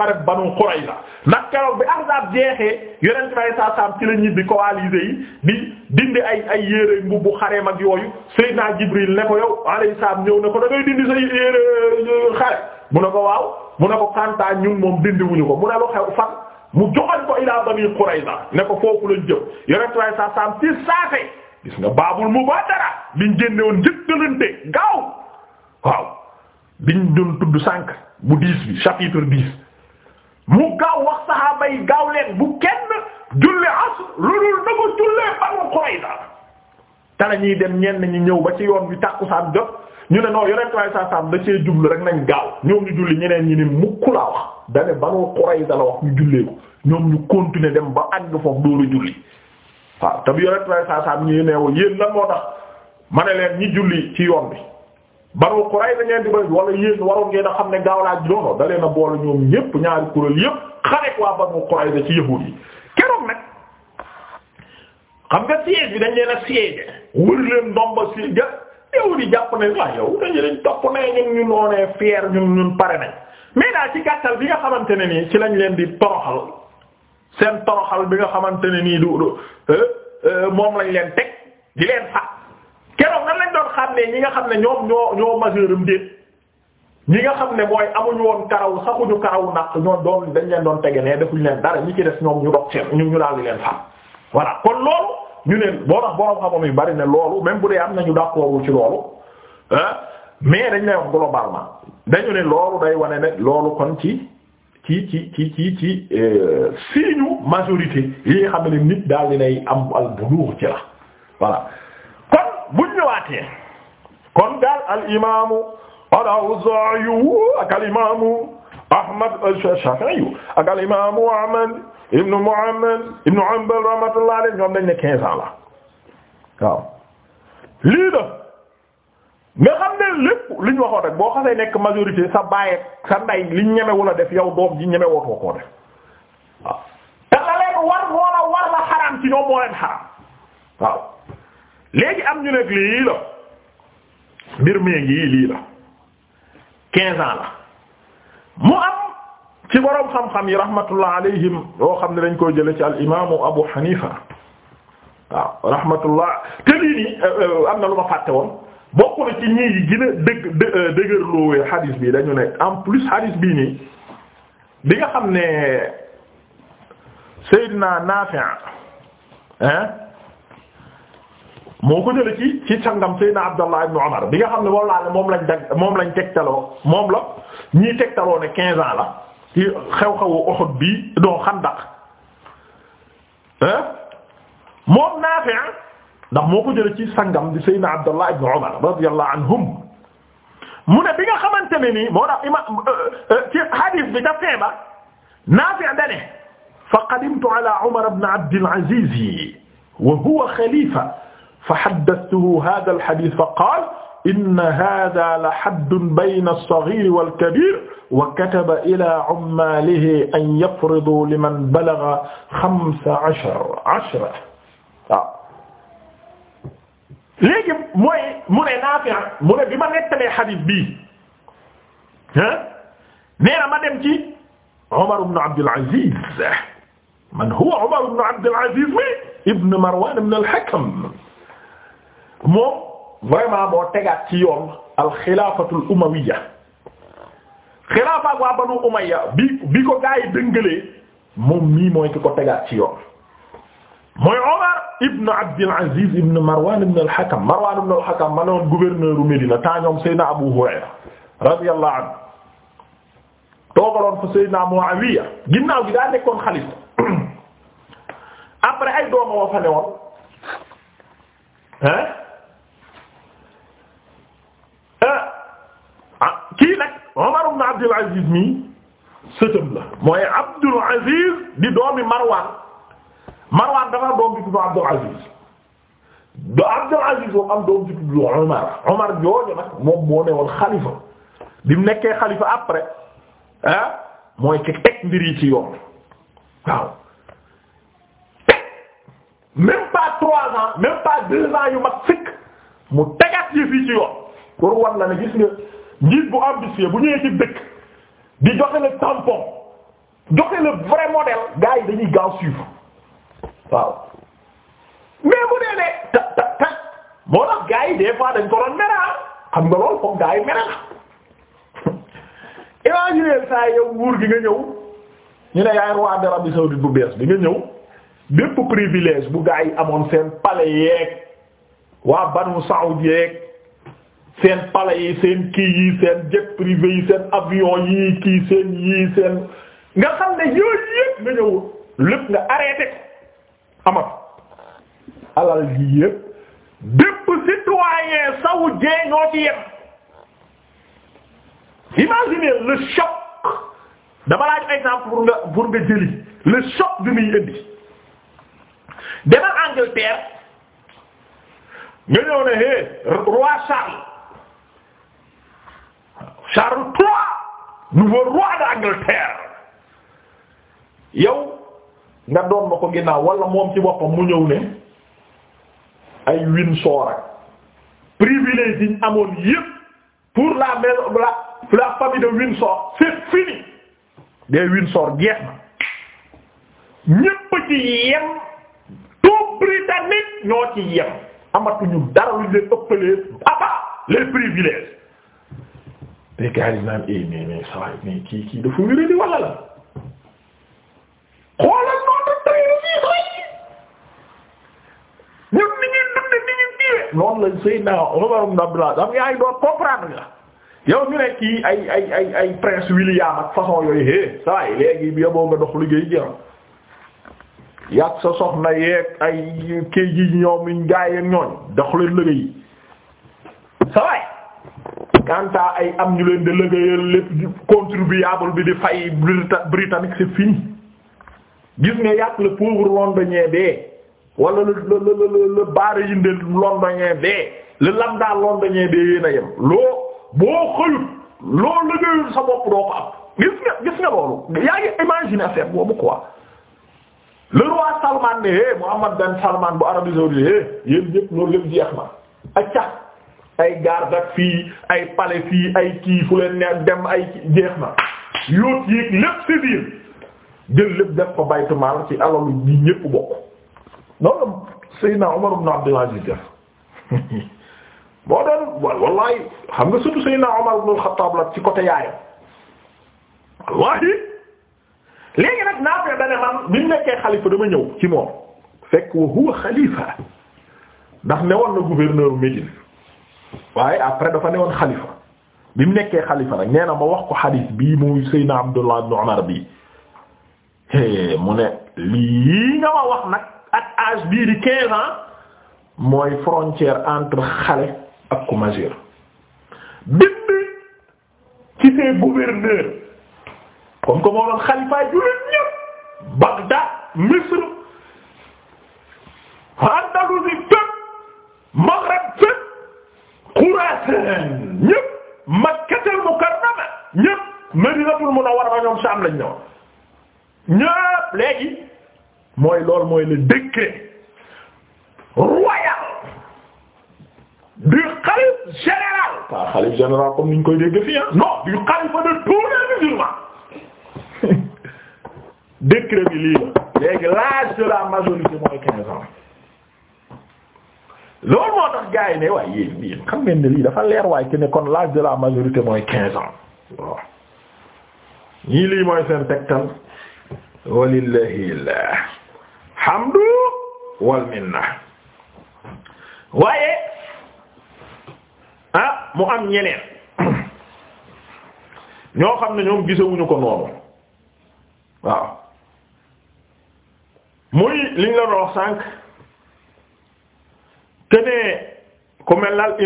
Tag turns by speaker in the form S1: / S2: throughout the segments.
S1: xareb Banu Qurayza nag keroog bi Ahzab jeexee Yonent bi saa saam ci la ñibbi coalisés yi di dindi ay ay yére mbubbu xareem ak yooyu Seydina Jibril ne ko yow alayhi salaam ñëw ne ko da ngay dindi sa yére xare mu ne ko waaw mu ne ko Kanta ñun moom dindi wuñu ko mu ne lu xew fan mu joxoon ko ilaa Banu Qurayza ne ko foofu lañ jëm Yonent bi saa saam ci saate gis nga baabul mubaadara biñ génne woon njëkkalante gaaw waaw biñ doon tudd sànq bu dix bi mu gaaw wax saxaaba yi gaaw leen bu kenn julli asr lu dul na ko jullee Banu Qurayza te la ñuy dem ñenn ñi ñëw ba ci yoon bi tàkkusaan jot ñu ne non yonent waaye saa da cee jublu rek nañ gaaw ñoom ñu julli ñeneen ñi ne mukk laa wax dane Banu Qurayza la wax ñu jullee ñoom ñu continuer dem ba àgg foofu dóor a julli waaw te bu yonent waaye saa saam ñu neewoo yéen la moo tax ma ne leen ñi julli ci yoon bi Banu Qurayza ngeen di bëri wala yéen waroon ngeen a xam ne gaaw laa juróom da leen a boole ñoom ñépp ñaari kuréel yépp xare waa Banu Qurayza ci yahuud yi keroog xam nga siège dañ leen a siège wër leen ndomba si ga yahuud yi jàpp ne waaw yow dañu leen topp ne ñun noonee fier ñun ñun pare nañ mais daal ci gàttal bi nga xamante ne nii ci lañ leen di toroxal seen toroxal bi nga xamante ne nii du euh, euh, moom lañ leen teg di leen fa doon xàmmee ñi nga xam ne ñoom ñoo ñoo majeuram déet ñi nga xam ne mooy amuñu woon karaw saxuñu karaw naq ñoo doon dañ leen doon tege ne defuñu leen dara ñi ci des ñoom ñu dox seen ñu ñu daal di leen xam voilà kon loolu ñu ne boo tax borom xam yu bari ne loolu même bu dee am nañu d'accord ci loolu ah mais dañ lay wax globalement dañu ne loolu day wane ne loolu kon ci ci ci ci ci ci euh, signe majorité yi nga xam ne nit daal di nay am al buluur ci la voilà. bu ñëwaatee kon daal al imaamu al-Awzaa'i ak al imaamu Ahmad al-Shaafi'i ak al imaamu Ahmad ibn Muhammad ibn Hanbal rahmatullahi alayhi ñoom ne quinze ans la lii la nga ne lépp li ñu waxoon rek boo xasee nekk majorité sa baay sa ndey liñ ñemewu la def yow doom ji ñemewootoo koo def waaw te la leen war moo war la xaraam ci ñoom moo leen xaraam léegi am ñu nekk lii la mbir mi ngi lii la quinze ans la mu am ci boroom xam-xam yi rahmatullah alayhim yoo xam ne dañ koy jële ci al imaamu Abu Hanifa waaw rahmatullah te lii nii euh, euh, am na lu ma fàtte woon bokk na ci ñii yi gën a dëgg euh, dëgërloowee xadiis bi dañu ne en plus xadiis bii nii bi nga xam ne Seydina Naafi' hein moo ko jëlee ci ci sangam Seydina Abdallah ibn Umar bi nga xam ne moom laa ne moom lañ dag moom lañ tegtaloo moom la ñii tegtaloo ne 15 ans la ci xew-xewu Uhud bii doo Xandaq ah moom Naafi' ndax moo ko jëlee ci sangam di Seydina Abdallah ibn Umar radiyallahu anhum mu ne bi nga xamante ne nii moo tax ima euh, euh, ci hadith bi ca feeba Naafi' dane fa qadimtu ala Umar ibn Abd al-Aziz wa huwa khalifa fa haddathtuhu hadha al-hadith fa qala inna hadha la haddun bayna as-saghir wal-kabir wa kataba ila ummalihi an yafridu liman balagha xamsa ashara ashara waaw léegi mooy mu ne Naafi' mu ne bi ma nettalee hadith bi nee na ma dem ci Umar ibn Abd al-Aziz man huwa Umar ibn Abd al-Aziz ibn Marwan ibn al-Hakam moom vraiment moo tegaat ci yoon alxilaafatul umawiya xilaafa waa banu umayya bi bi ko gaa yi dëngalee moom mooy ki ko tegaat ci yoon mooy Omar ibn Abdul Aziz ibn Marwan ibn al-Hakam Marwan al-Hakam ma ne woon gouverneur u Médina temps ñoom Seydina Abu Hurayra radiyallahu anhu toogaloon fa Seydina Muawiya ginnaaw gi daa nekkoon ay dooma wa fa ne Ah, ah kii nag Omar ibn Abdul mi sëtëm la mooy Abdul Aziz doomi Marwan Marwan dafa doom bi tudd Abdul Aziz do Abdul Aziz moom am doom bi tudd Omar Omar jooju nag moom moo newoon xalifa bi mu nekkee xalifa après ah mooy ki teg mbir yi ci yoon waaw même pas trois ans même pas deux ans yu mag fekk mu tegaat yi fii ci pour war na ne gis nga njiit bu ambitieux bu ñëwee ci dëkk di joxe le tampon joxe le vrai modèle gars yi dañuy gaaw suivre waaw mais bu dee ne ta ta ta moo tax gars yi des fois dañ ko doon mera ah. xam nga loolu foog gars yi mera imaginer saa yow nguur gi nga ñëw ñu ne yaay roi d'Arabie saoudite bu bees bi nga ñëw bépp privilège bu gaa yi amoon seen palais yeeg waa banu saoud yeeg seen palais yi seen kii yi seen jet privé yi seen avion yi kii seen yi seen nga xam ne yooyu yëpp nga ñëw lépp nga arrêté ko amat alal yi yëpp bépp citoyen sawu jee ñoo ci yem imaginez le choc dama laaj exemple nga pour nga jëli le choc bi muy indi demal Angleterre nga ñëw ne hé roi Charles Charles III nouveau roi d'Angleterre yow nga doon ma ko ginnaaw wala moom ci boppam mu ñëw ne ay Windsor ak privilège yi amoon yépp pour la maison la la famille de Windsor c'est fini des Windsor jeex na ñépp ci yem tout britannique ñoo ci yem amatuñu dara lu ñu ëppalee baba les privilèges les gars yi naan eh mais mais saa mais kii kii dafa wéré di wala la xoolal noonu la tëjee ni ñuy dundee ni ñuy kii noonu lañ Seydina Umar ibn Abdullah yaay doon comprendre nga yow ñu ne kii ay ay ay prince William ak façon yooyu eh saa yi léegi bi yaboo nga dox liggéey jërëm yàgg sa soxna yeeg ay kii ji ñoom ñu jaayee ñooñ dox leen liggéey saa kanta ay am ñu leen di liggéeyal lépp contribuable bi di fay britannique c'est fini gis nga yàq le pauvre londonien bee wala le le le le baara yinde londonien bee le lambda londonien bee yéen a yem loo boo xëyut loo liggéeyul sa bopp doo ko am gis nga gis nga loolu yaa ngi imaginer affaire boobu quoi le roi Salman ne eh Mohammed Ben bu Arabie saoudite eh yéen ñëpp loolu lépp jeex na acca ay garde ak fii ay palais fii ay kii fu leen ne dem ay jeex na yóot yéeg lépp ci biir jël lépp def ko baytu maal ci alalu ñi ñépp bokk noonu Seydina Umar ibn Abdul Aziz def boo doon wallahi xam nga surtout Seydina Umar ibn al-Khattab la ci côté yaayam wallahi léegi nag naafee dane man bi mu nekkee xalifa dama ñëw ci moom fekk wa huwa xalifa ndax ne woon na gouverneur Médine waaye après dafa newoon xalifa bi mu nekkee xalifa nag nee na ma wax ko xadiis bii muy Seydina Abdullah ibn Umar bii mu ne lii nga ma wax nag ak âge bii di mooy frontière entre xale ak ku majeur bind ci ses gouverneurs comme que moo doon xalifaay jullit ñëpp Bagdad Misr Andalusi fépp Maghreb fépp Xuraasaan a Makkatul Mukarrama ñépp Madinatul Munawwara ñoom Saam lañ ñëw ñépp léegi mooy lool mooy le décret royal du khalife général pas khalife général comme niñ koy dégg fii non du khalife de tous les musulmans décret bi lii la léegi l'âge la majorité mooy quinze ans loolu moo tax gars yi ne waaye yéen yéen xam ngeen ne lii dafa leer waaye que ne kon l'âge de la majorité mooy quinze ans waaw ñii lii mooy seen tegtal walillahi alhamdu wal minna waaye ah mu am ñeneen ñoo xam ne ñoom gisewuñu ko noonu waaw muy liñ la doon wax te ne ku mel ne al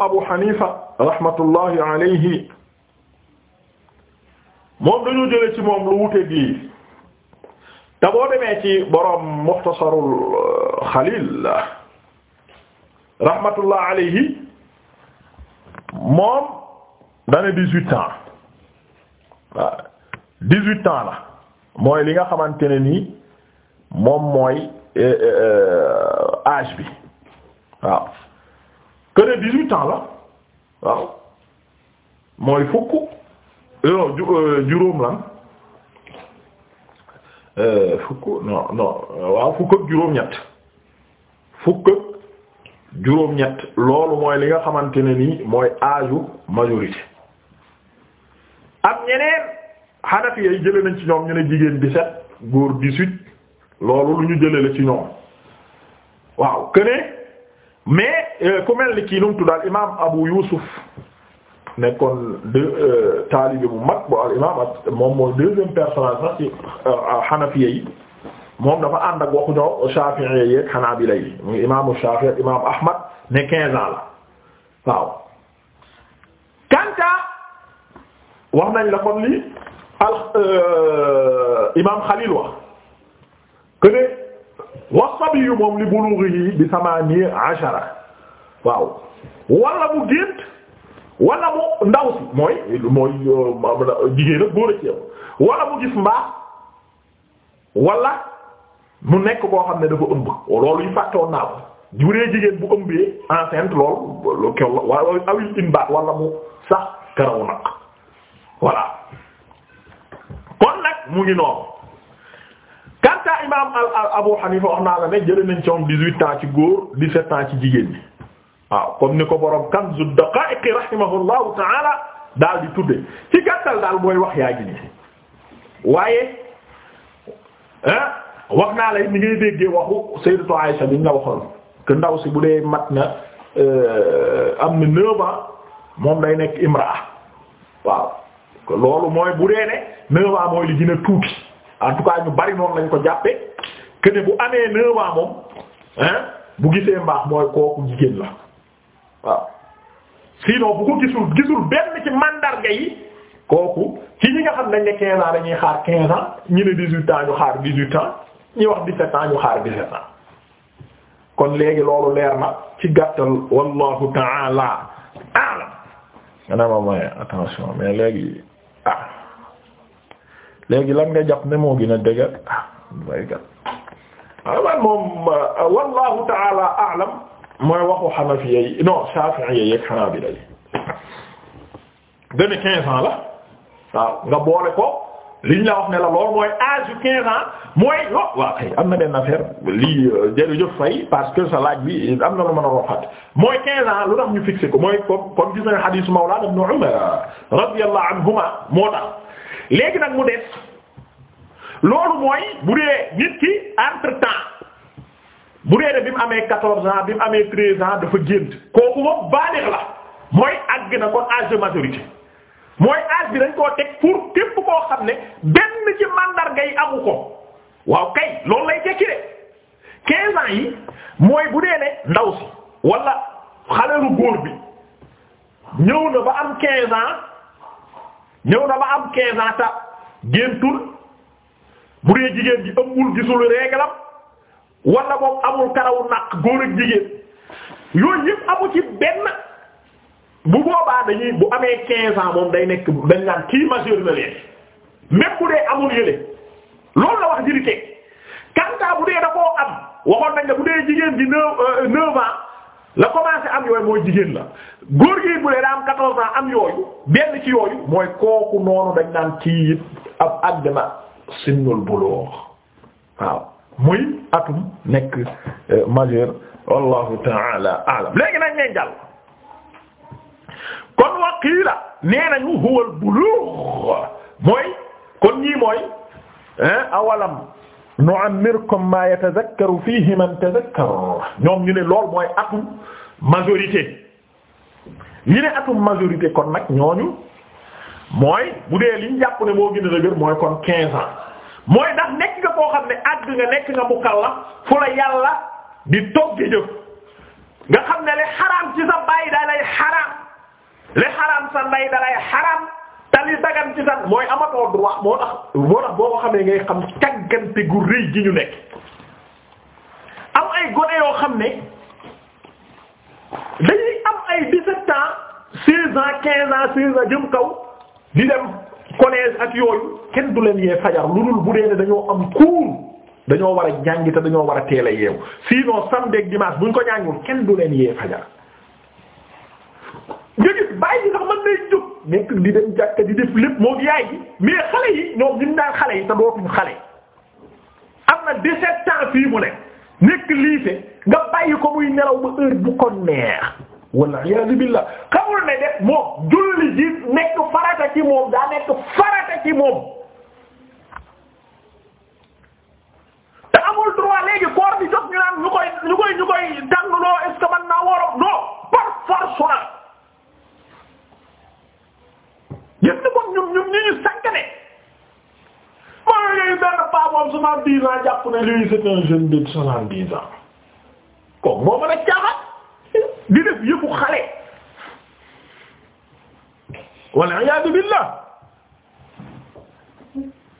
S1: Abu Hanifa rahmatullahi alayhi moom dañoo jële ci moom lu gi te boo demee ci boroom Muxtasarul euh, Xaliil rahmatullahi alayhi moom dana dix-huit ans la mooy li nga xamante ne nii moom mooy aaj euh, euh, bi waaw këne dix-huit la waaw mooy fukk euh, juróom lan euh, fukk non non waaw fukk ak juróom-ñett fukk ak juróom-ñett loolu mooy li nga xamante ne nii mooy âge majorité am ñeneen Hanafi yi jële nañ ci ñoom ñu jigéen bi sept góor dix-huit loolu lu ñu jële ci ñoom waaw këne mais euh, ku mel ni kii nu mu Abu Yusuf nekkoon deux euh, taalibe bu mag bu al imaam ak moom mooy deuxième personnage sax ci euh, Hanafiya yi moom dafa ànd waxu ñoo Shafi'i yeeg Hanabila yi muy imaamu Shafi'i ne quinze ans la Kanta wax nañ la kon imaam Khalil wax que wa sabiyu moom li bulughihi bi samani ashara waaw wala mu gént wala mu ndaw si mooy mooy euh, jigéen ak góor a mu gis mbaax wala mu nekk koo xam ne dafa ëmb oh, loolu yu fàttewoon naa ko juree jigéen bu ëmbee enceinte loolu kew la waaye awil imbaat wala mu sax karaw nag voilà kon nag mu ngi noonu kanta imam al Abu Hanifa wax naa la ne jëlee nañ ci moom dix-huit ans ci góor dix-sept ans ci jigéen ñi waaw comme ni ko borom Kanzu Daqaa'iq rahimahullahu ta'ala daal di tudde ci gàttal daal mooy wax yaa gi waaye ah wax naa la ni ngay déggee waxu Sayyidatu Aisha bi nga waxoon que ndaw si bu dee mat na euh, am na neuf ans moom day nekk imraa waaw loolu mooy bu dee ne neuf mooy li gën tuuti. en tout cas ñu bari noonu lañ ko jàppe que ne bu amee neuf moom hein bu gisee mbaax mooy kooku jigéen la waaw sinon bu ko gisul gisul benn ci mandarga yi kooku ci ñi nga xam nañ ne quinze ans dañuy xaar quinze ans ñu ne dix-huit ans ñu xaar dix ans ñi wax dix ans ñu xaar dix ans kon léegi loolu leer na ci gàttal wallahu ta'ala a'lam. maanaam attention mais léegi. léegi lan nga jàpp ne moo gën a dëgër ah baykat aman moom wallahu taala alam mooy waxu xanafiya yi non shafi'iyya yeeg xanaabila yi quinze ans la waaw boole ko liñ ne la lool mooy âge yu quinze ans mooy lo waaw kay am na benn li lii jërëjëf fay parce que sa laaj bi am na lu mën a roxat mooy quinze ans lu tax ñu fixé ko mooy comme comme gis nañ xadiis mawlana ibn umar radiyallahu anhuma moo tax léegi nag mu des loolu mooy bu dee nit ki entre temps bu dee ne bi mu amee quatorze ans bi mu amee treize ans dafa gént kooku moom baalir la mooy àgg na kon âge de maturité mooy âge bi dañ koo teg pour képp koo xam ne benn ci mandarga yi amu ko waaw kay loolu lay tekki de quinze ans yi mooy bu dee ne ndaw si wala xaleelu góor bi ñëw na ba am quinze ans ñëw na ba am 15 ans ta bu dee jigéen ji ëmbul gisul régalam wala moom amul karawu naq góor jigéen yooyu yëpp amu ci benn bu boobaa dañuy bu amee 15 ans moom day nekk dañ naan kii majeur na leen même dee amul yële loolu la wax jëriñ teg bu dee da koo am waxoon nañ ne bu dee jigéen ji 9 9 euh, ans. la commencé am yooyu mooy jigéen la góor gi bu dee daa am 14 ans am yooyu benn ci yooyu mooy kooku noonu dañ naan kii it ab àddina sinnul bulugh waaw muy atum nekk euh, majeur wallahu ta'ala a'lam léegi nag nee jàll kon waqiila nee nañu huwal bulugh mooy kon ñii mooy awalam nu'ammirkum ma yatadhakkaru fihi man tadhakkar ñoom ñu ne lool mooy atu majorité ñu ne atum majorité kon nag ñooñu mooy bu dee liñ jàpp ne moo gën a dëgër mooy kon quinze ans mooy ndax nekk nga koo xam ne àgg nga nekk nga mukallaf fu la yàlla di toog di jëf nga xam ne li xaraam ci sa baay da lay li xaraam sa ndey da lay li dagan ci mooy amatoo droit moo tax moo tax boo ko xamee ngay xam càggante gu rëy gi ñu nekk am ay gone yoo xam ne dañuy am ay dix-sept ans quinze ans seize jëm kaw di dem collège ak yooyu kenn du leen yee fajar lu dul bu dee ne dañoo am cours dañoo war a jàngi te dañoo war a teel a yeewu sinon samedi ak dimanche buñ ko jàngul kenn du leen yee fajar nga gis bàyyi sax mën nay jóg nekk di dem jàkka di def lépp moo yaay gi mais xale yi ñoom ñu daan xale yi te dootuñu xale am na 17 ans fii mu ne nekk lycée nga bàyyi ko muy nelaw ba heure bu ko neex walla iyaazu billaah ne def moom julli ji nekk farata ci moom daa nekk farata ci moom. soixante dix ans jàpp ne lui c'est un moo mën a caaxaan di def yëfu xale walla iyaadu billah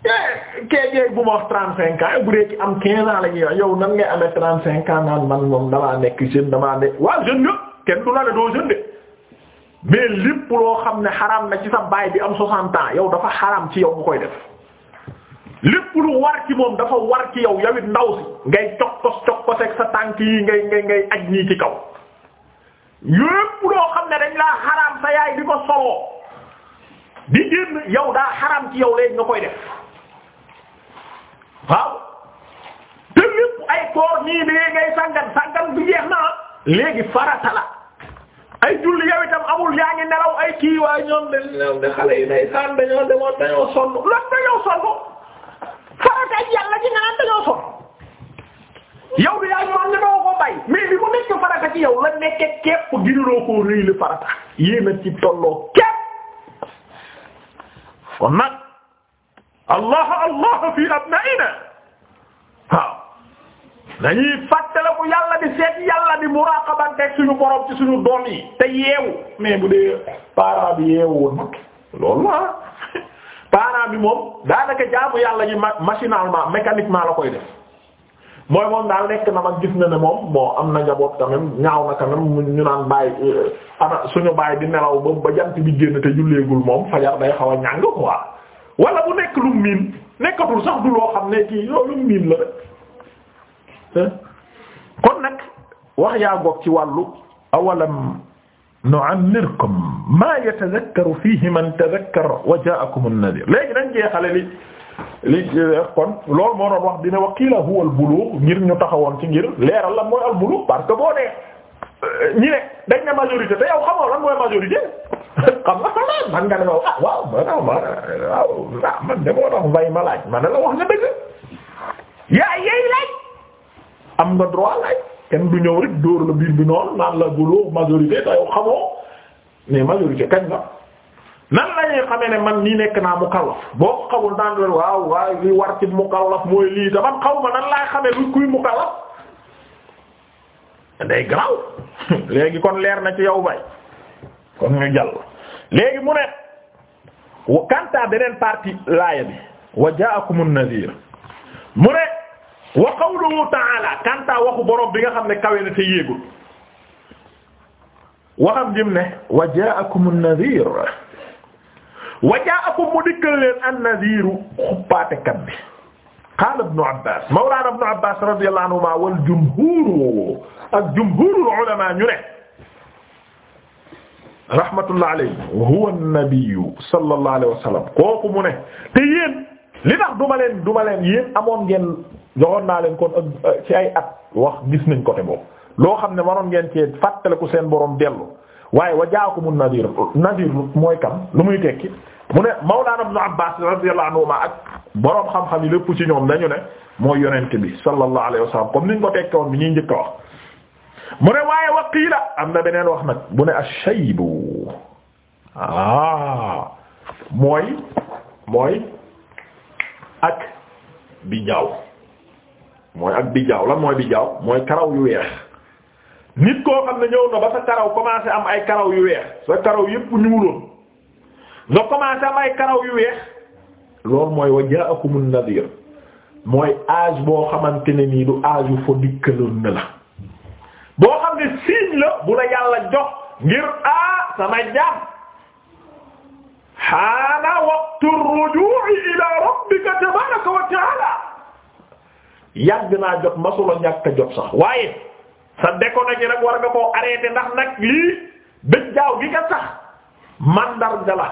S1: eh, keegee bu ma wax trente cinq ans bu dee ci am quinze ans la ñuy wax yow nan ngay amee trente cinq naan man moom damaa nekk jeune damaa nekk waaw jeune yëpp kenn du la doo jeune de mais lépp loo xam ne xaram na ci sa baay bi am soixante ans yow dafa xaram ci yow bu koy def lépp lu war ci moom dafa war ci yow yawit ndaw si ngay cokkos cokkos ak sa tànk yi ngay ngay ngay aj nii ci kaw lépp loo xam ne dañ laa xaraam sa yaay di ko soloo di génn yow daa xaraam ci yow léegi nga koy def waaw te lépp ngay sàngan sàngan bi jeex na léegi farata la ay julli yow itam awul yaa ngi nelaw ay kii waa ñoom de ñoom de xale yi day saan dañoo demoon dañoo dañoo sonn boole ak yàlla gi nga naan dañoo sonn yow bi yaa ñu ko bay mais bi mu nekk farata ci yow la nekke képp ginuloo koo réy li farata yéena ci tolloo képp kon nag allah allah fi abnaina waaw dañuy fàttale ko yàlla di seet yàlla di muraqaba teg suñu borom ci suñu doom te yeewu mais bu dee para bi yeewu woon loolu la parent bi moom daanaka jaamu yàlla yi machinalement mécaniquement la koy def mooy moom daal nekk na mag gis na ne moom bon am na njaboot quand même ñaaw na quand ñu naan bàyyi euh, ana suñu bàyyi di nelaw ba jant bi génn te julleegul moom fajar day xaw a ñàng waa wala bu nekk lu miin nekkatul sax du loo xam ne kii loolu miin la rek kon nag wax yaa goog ci wàllu walla nu'ammirkum maa yatadhakkaru fiihi man tadhakkara wa jaa'akumu an-nadhiir léegi dañ jeexale li li kon loolu moo doon wax dina wa qiila huwa al-buluugh ngir ñu taxawoon ci ngir leeral lan mooy al-buluugh parce que boo dee euh, ñi ne dañ ne majorité te yow xamoo lan mooy majorité xam nga xanaa man ne ma ah waaw man ma waaw ah, man de moo tax nga dëgg yaa yeey kenn du ñëw rek dóor la biir bi noonu naan la guloo majorité te yow xamoo mais majorité kañ la nan la ñuy ne man nii nekk naa mukallaf boo ko xamul daan la waaw waaw li war ci mukallaf mooy lii te man xaw ma nan laay xamee lu kuy mukallaf day graw léegi kon leer na ci yow bay kon ñu jàll léegi mu ne kanta beneen partie laaya bi wa ja'akumun nadhir mu ne wa qawluhu ta'ala kanta waxu borom bi nga xam ne kawe na te yéegul waxam jëm ne wa ja'akum an-nadhir wa ja'akum mu dikkal leen an-nadhiru xuppaatekat bi qaala ibnu abbas mawlaana ibnu abbas radiyallahu anhuma wal jumhuru ak jumhurul ulama ñu ne rahmatullah alayhi huwa an-nabiyyu sallallahu alayhi wa sallam kooku mu ne te yéen li tax duma leen duma leen yéen amoon ngeen joxoon naa leen kon ak euh, ci ay at wax gis nañ côté boobu loo xam ne waroon ngeen cee fàttaliku seen borom dellu waaye wa jaakumun nadir nadir mooy kam lu muy tekki mu ne Mawlana Ibn Abbas radiyallahu anhuma ak boroom xam-xam yi lépp ci ñoom dañu ne mooy yonent bi sallallahu alayhi wasallam comme niñ ko tekke woon bi ñuy njëkk a wax. mu ne waaye wa qiila am na beneen wax nag bu ne ash-shaybu ah mooy mooy ak bi ñaaw. mooy ak bijaaw lan mooy bijaaw mooy karaw yu weex nit koo xam ne ñëw na ba sa karaw commencé am ay karaw yu weex sa karaw yépp ñuuloon nga commencé am ay karaw yu weex loolu mooy wa ja'akumun nadhir mooy âge boo xamante ne nii du âge yu fa dikkaloon na la boo xam ne signe la bu la yàlla jox ngir ah sama jaam xaana waqtu ruju'i ila rabbika yàgg naa jot masula ñàkk a jot sax waaye sa déconné gi nag war nga koo arrêté ndax nag lii bëj jaaw gi nga sax mandarga la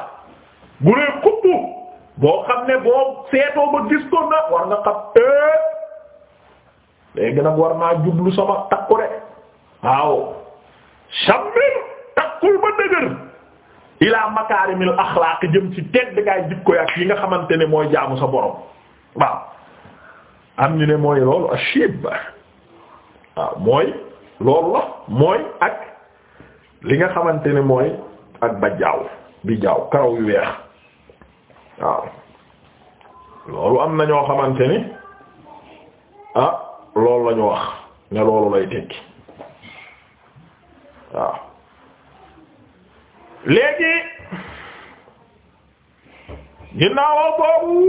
S1: bu kubbu boo xam ne boo seetoo ba gis ko na war nga xam ee eh, léegi nag war naa jublu sama takku waaw shamil takkul ba dëgër ilaa makaarimil axlaaq jëm ci tedd gaay ko yak yi nga xamante ne mooy jaamu sa borom waaw am ñu ne mooy loolu ashib waaw mooy loolu la mooy ak li nga xamante ne mooy ak ba jaaw bi jaaw karaw yu weex waaw loolu am na ñoo xamante ni ah loolu la wax ne loolu lay tekki waaw léegi ginnaaw boobu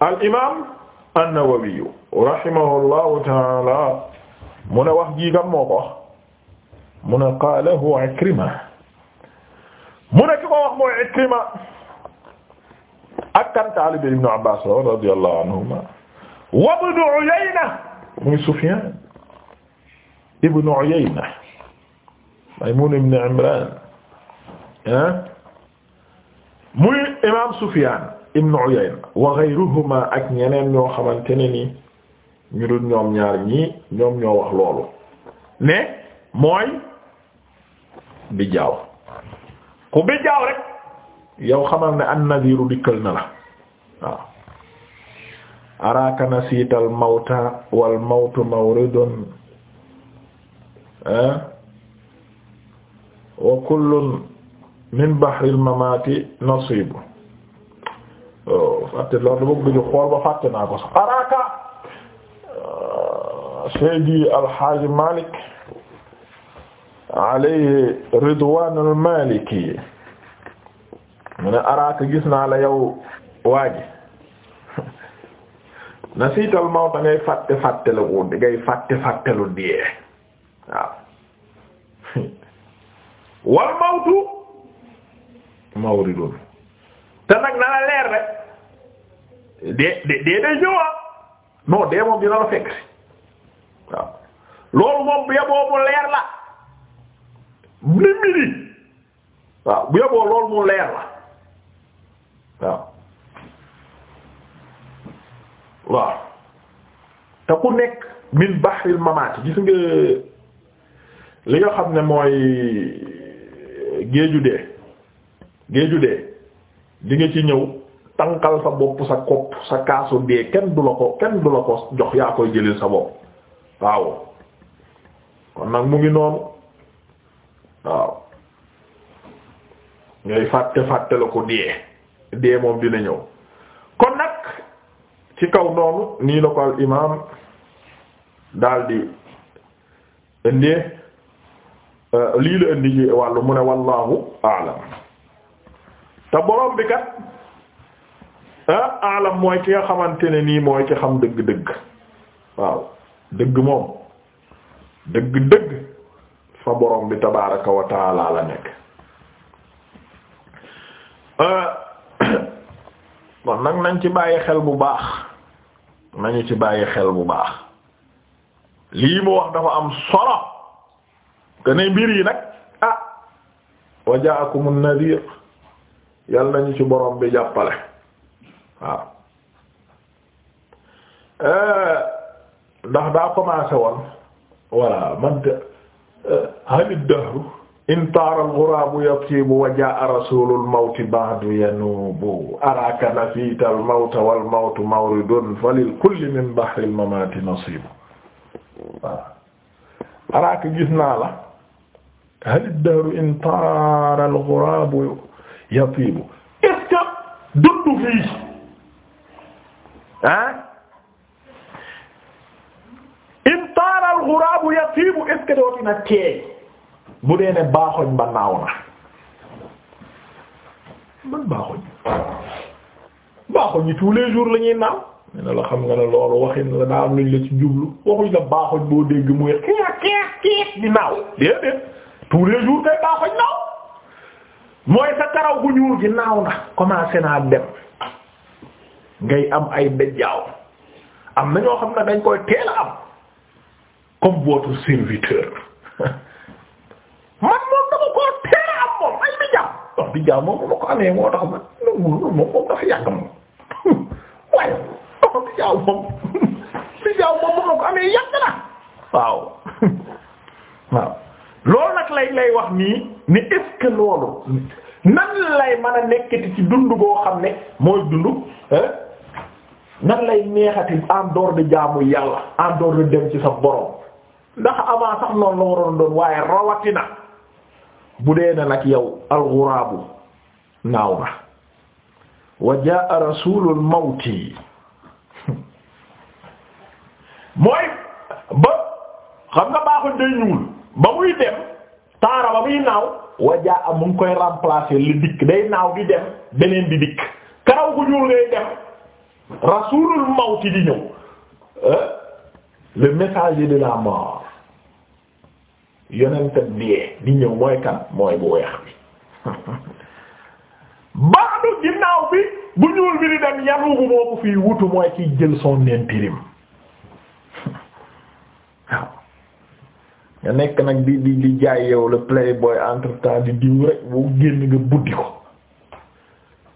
S1: al imam an-Nawawi rahimahullahu taala mu ne wax jii kan moo ko wax mu ne qaalahu Ikrima mu ne ki ko wax mooy Ikrima ak kan taalibe Ibnu Abbaas radiyallahu anhuma wa Ibnu Uyayna muy Sufyaan Ibnu Uyayna Maymuun ibnu Imraan ah, muy imaam Sufyaan ibn Uyayna wa ghayruhuma ak ñeneen ñoo xamante ne ni ñu dul ñoom ñaar ñii ñoom ñoo wax loolu mais mooy bi jaaw ku bi rek yow xamal ne an nadiru dikkal na la araaka nasiita al mawta wal mawtu mawridun eh? wa kullun min bahri al mamati nasibu Oh, fàtte loolu dama bëgg xool ba fàtte naa ko sax araka euh, Seydi Alxaaji Malik alayhi ridwaanul maliki mu ne araka gis naa la yow waaji nasiital mawta ngay fàtte fàtte la ngay fàtte fàtte lu dee wal mawtu mawridun te nag na la leer rek dee dee dee day ñëwa ah. non dee moom la fekk si waaw loolu moom bu yeboo mu leer la ni midi waaw bu yeboo loolu mu leer la waaw waaw ku nekk min bahril mamaati gis nga li xam ne mooy géeju dee géeju dee di ci ñëw tànqal sa bopp sa kopp sa kaasu dee kenn du la ko kenn du la ko jox yaa koy jëlil sa bopp waaw kon nag mu ngi noonu waaw ngay fàtte fàtte la ko dee dee moom dina ñëw kon nag ci kaw noonu nii la ko al daldi indee euh, lii la indi wàllu mu ne wallahu a'lam te borom bi kat ah mooy ki nga xamante ne nii mooy ki xam dëgg-dëgg waaw dëgg moom dëgg-dëgg fa borom bi tabaaraka wa la nekk. Ah, kon nag nañ ci bàyyi xel bu baax nañu ci bàyyi xel bu baax lii mu wax dafa am solo que ne mbir yi nag ah wajaakumun nadiir yal nañu ci borom bi jàppale waaw eh, ndax daa commencé woon voilà man de eh, hani dahru in taara al-ghuraabu yatiibu wa jaa'a rasuulu al-mawti ba'du yanuubu araaka nafiita al-mawta wal-mawtu mawridun falil-kulli min bahri al-mamaati nasiibu waaw araaka gis naa la hani dahru in taara al-ghuraabu yatiibu est-ce que dund fii ah in taara al ghuraabu yatiibu est-ce que dootina teey bu dee ne baaxoñ ba naaw na man baaxoñ baaxoñ yi tous les jours la ñuy naaw ñu ne la xam nga ne loolu waxin la daa am luñ la ci jublu waxuñ la baaxoñ boo dégg muy xeex xeex xeex di naaw déedéet tous les jours kay baaxoñ naaw mooy sa karaw gu ñuul gi naaw na commencé naa dem ngay am ay bejjaaw am na ñoo xam ne dañ koy teel a am comme votre serviteur man moom dama ko teel am moom ay bejjaaw wax moom ma ko amee moom moom ma ko amee yàgg na waaw waaw. loolu nag lay wax nii ni est loolu nan lay mën a nekkati ci dund boo xam ne mooy dund nan lay neexati en dehors jaamu yàlla en dehors dem ci sa borom ndax avant sax noonu la waroon doon waaye rawatina bu dee na nag yow alxuraabu naaw na wa jaa rasulul mawti mooy ba xam nga baaxul day ñuul ba muy dem taara ba muy naaw wajaa am mu ngi koy remplacer li dikk day naaw di dem beneen di dikk karaw gu ñuul ngay dem rasulul mawti di ñëw le messager de la mort yonent biee di ñëw mooy kan mooy bu weex bi baadu ginnaaw bi bu ñuul bi di dem yanugu moo fii wutu mooy kiy jël son intérim nga nekk nag di di di jaay yow le playboy entre temps di diw rek bu génn nga buddi ko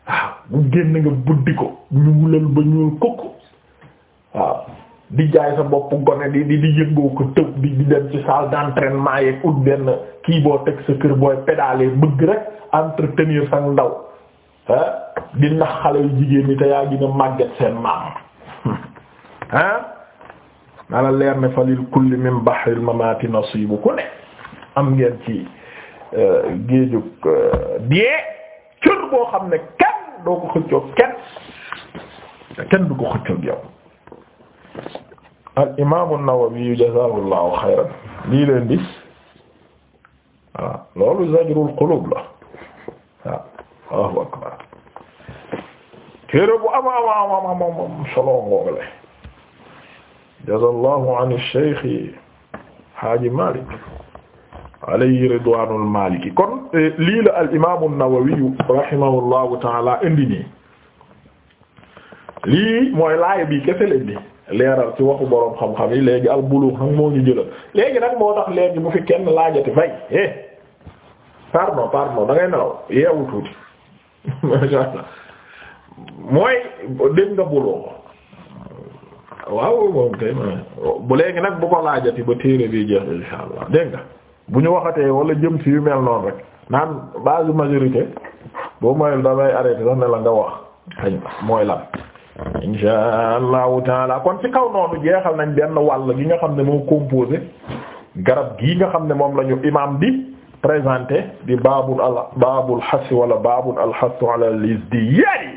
S1: waaw bu génn nga buddi ko ñuulal ba ñuul kukk waaw di jaay sa bopp gone di di di yëngoo ko tëb di di dem ci salle d'entraînement yeeg ut benn kii boo teg sa kër booy pédaler bëgg rek entretenir sa ndaw ah di xale yu jigéen ñi te yaa gën a seen maam ah na la leer ne fa lil kulli min bahril mamaati nasibu ku ne am ngeen ci euh, géejug euh, diyee cër boo xam ne kenn doo ko xëccoo kenn kenn du ko xëccoo yow al imaamu Nawawi jazaahullahu xayran lii leen di waaw loolu zajrul qulub la waaw Allahu akbar téere bu ama ama ama ama solo ngoogale jazallahu an Cheikh Haaji Malik alayhi ridwaanul maliki kon eh, lii la al imaamu an-Nawawi rahimahullahu taala indi nii lii mooy laaya bi kese la indi leeral ci waxu boroom xam-xam yi léegi al buluux nag moo ñu jëla léegi nag moo tax léegi bu fi kenn laajati fay eh pardon pardon da ngay nelaw yeewu tuuti macha allah mooy dégg nga waaw moom kay bu léegi nag bu ko laajati ba téere bi jeex insha allah dégg nga bu ñu waxatee wala jëm ci yu mel noonu rek naan base majorité boo mayul damay arrêté sax ne la nga wax xañ mooy lan insha allahu taala kon ci kaw noonu jeexal nañ benn wàll gi nga xam ne moo composé garab gi nga xam ne moom lañu ñu imam bi présenté di baabul al baabul xas wala baabul alxasu ala lisdiyaari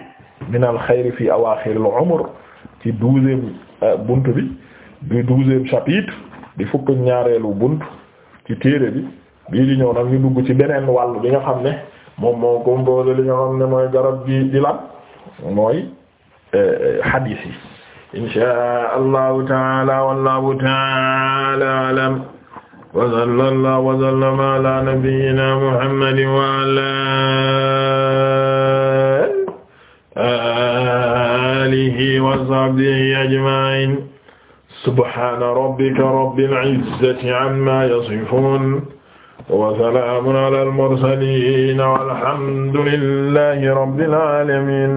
S1: min al xayri fi awaaxiril umur ci douzième Euh, bunt bi du douzième chapitre di fukk ñaareelu bunt ci téere bi bii di ñëw nag ñu dugg ci beneen wàll bi nga xam ne moom moo gomboole li nga xam ne mooy garab bi di lan mooy euh, hadith yi insha allahu taala wallahu taala alam wa sallallahu wa sallama ala nabiyyina muhammadin wa ala wasahbihi ajmain subhana rabbika rabbil izzati amma yasifun wa salaamun ala al mursalin walhamdulillahi rabbil alamin